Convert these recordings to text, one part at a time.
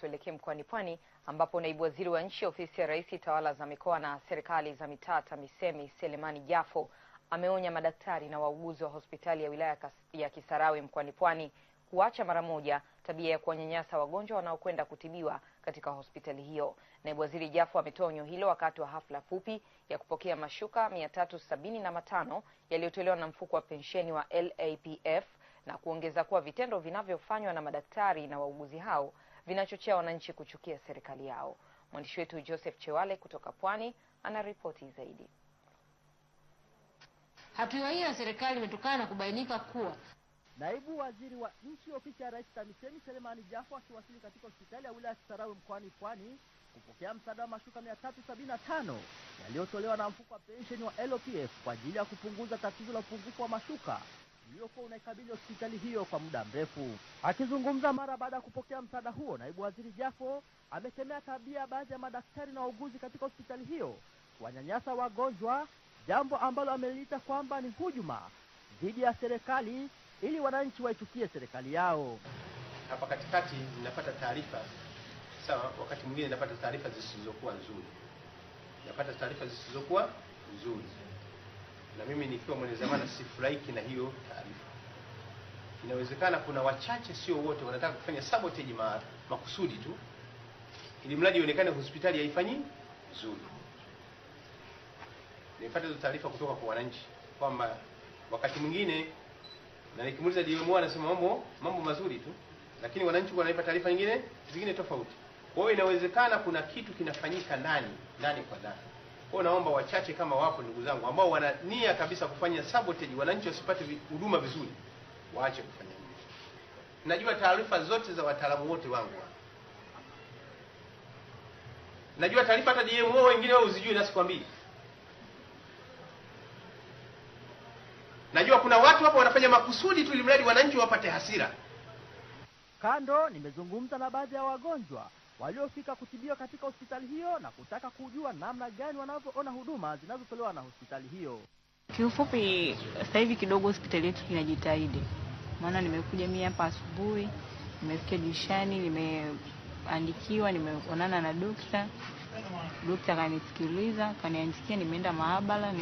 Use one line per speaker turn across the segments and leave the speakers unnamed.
tuelekee mkoani Pwani ambapo naibu waziri wa nchi ofisi ya Rais tawala za mikoa na serikali za mitaa TAMISEMI Selemani Jafo ameonya madaktari na wauguzi wa hospitali ya wilaya ya Kisarawe mkoani Pwani kuacha mara moja tabia ya kuwanyanyasa wagonjwa wanaokwenda kutibiwa katika hospitali hiyo. Naibu waziri Jafo ametoa onyo hilo wakati wa hafla fupi ya kupokea mashuka mia tatu sabini na matano yaliyotolewa na mfuko wa pensheni wa LAPF na kuongeza kuwa vitendo vinavyofanywa na madaktari na wauguzi hao vinachochea wananchi kuchukia serikali yao. Mwandishi wetu Joseph Chewale kutoka Pwani ana ripoti zaidi.
Hatua hiyo ya serikali imetokana na kubainika kuwa
naibu waziri wa nchi ofisi ya Rais TAMISEMI Selemani Jafo akiwasili katika hospitali ya wilaya Kisarawe mkoani Pwani kupokea msaada wa mashuka mia tatu sabini na tano yaliyotolewa na mfuko wa pensheni wa LPF kwa ajili ya kupunguza tatizo la upungufu wa mashuka uliokuwa unaikabili hospitali hiyo kwa muda mrefu. Akizungumza mara baada ya kupokea msaada huo, naibu waziri Jafo amekemea tabia baadhi ya madaktari na wauguzi katika hospitali hiyo wanyanyasa wagonjwa, jambo ambalo ameliita kwamba ni hujuma dhidi ya serikali ili wananchi waichukie serikali yao.
Hapa katikati ninapata taarifa sawa, wakati mwingine napata taarifa zisizokuwa nzuri, napata taarifa zisizokuwa nzuri na mimi nikiwa mwenye zamana sifurahiki na hiyo taarifa. Inawezekana kuna wachache, sio wote, wanataka kufanya sabotage ma, makusudi tu, ili mradi ionekane hospitali haifanyi vizuri. Nimepata hizo taarifa kutoka kwa wananchi kwamba wakati mwingine, na nikimuuliza DMO anasema mambo mambo mazuri tu, lakini wananchi wanaipa taarifa nyingine zingine tofauti. Kwa hiyo inawezekana kuna kitu kinafanyika ndani ndani kwa ndani. Kwa naomba wachache kama wapo, ndugu zangu, ambao wana nia kabisa kufanya sabotage, wananchi wasipate huduma vizuri, waache kufanya hivyo. Najua taarifa zote za wataalamu wote wangu wa. Najua taarifa hata DMO wengine wao uzijui na sikwambii. Najua kuna watu hapo wanafanya makusudi tu, ili mradi wananchi wapate hasira.
Kando nimezungumza na baadhi ya wagonjwa waliofika kutibiwa katika hospitali hiyo na kutaka kujua namna gani wanavyoona huduma zinazotolewa na hospitali hiyo.
Kiufupi, sasa hivi kidogo hospitali yetu inajitahidi, maana nimekuja mimi hapa asubuhi, nimefikia dirishani, nimeandikiwa, nimeonana na dokta, dokta akanisikiliza kaniandikia, nimeenda maabara,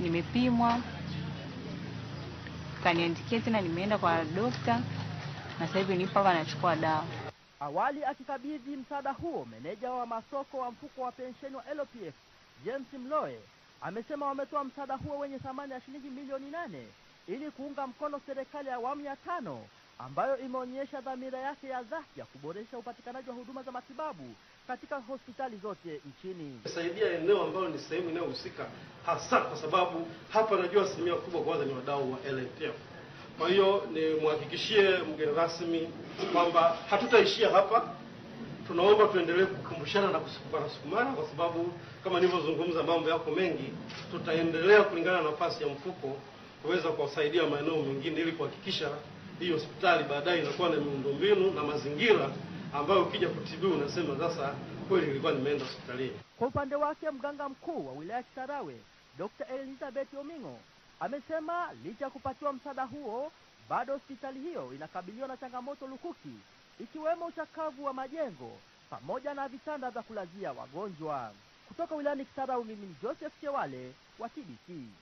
nimepimwa, kaniandikia tena, nimeenda kwa dokta, na sasa hivi nipo hapa nachukua dawa.
Awali akikabidhi msaada huo, meneja wa masoko wa mfuko wa pensheni wa LPF James Mloe amesema wametoa msaada huo wenye thamani ya shilingi milioni nane ili kuunga mkono serikali ya awamu ya tano ambayo imeonyesha dhamira yake ya dhati ya kuboresha upatikanaji wa huduma za matibabu katika hospitali zote nchini.
Kusaidia eneo ambayo ni sehemu inayohusika hasa, kwa sababu hapa najua asilimia kubwa kwanza ni wadau wa LPF. Kwa hiyo nimhakikishie mgeni rasmi kwamba hatutaishia hapa. Tunaomba tuendelee kukumbushana na kusukumana, kwa sababu kama nilivyozungumza, mambo yako mengi. Tutaendelea kulingana na nafasi ya mfuko kuweza kuwasaidia maeneo mengine, ili kuhakikisha hii hospitali baadaye inakuwa na miundombinu na mazingira ambayo ukija kutibiwa unasema sasa kweli ilikuwa nimeenda hospitalini.
Kwa upande wake, mganga mkuu wa wilaya Kisarawe Dr. Elizabeth Omingo Amesema licha ya kupatiwa msaada huo, bado hospitali hiyo inakabiliwa na changamoto lukuki, ikiwemo uchakavu wa majengo pamoja na vitanda vya kulazia wagonjwa. Kutoka wilayani Kisarawe, mimi ni Joseph Chewale wa TBC.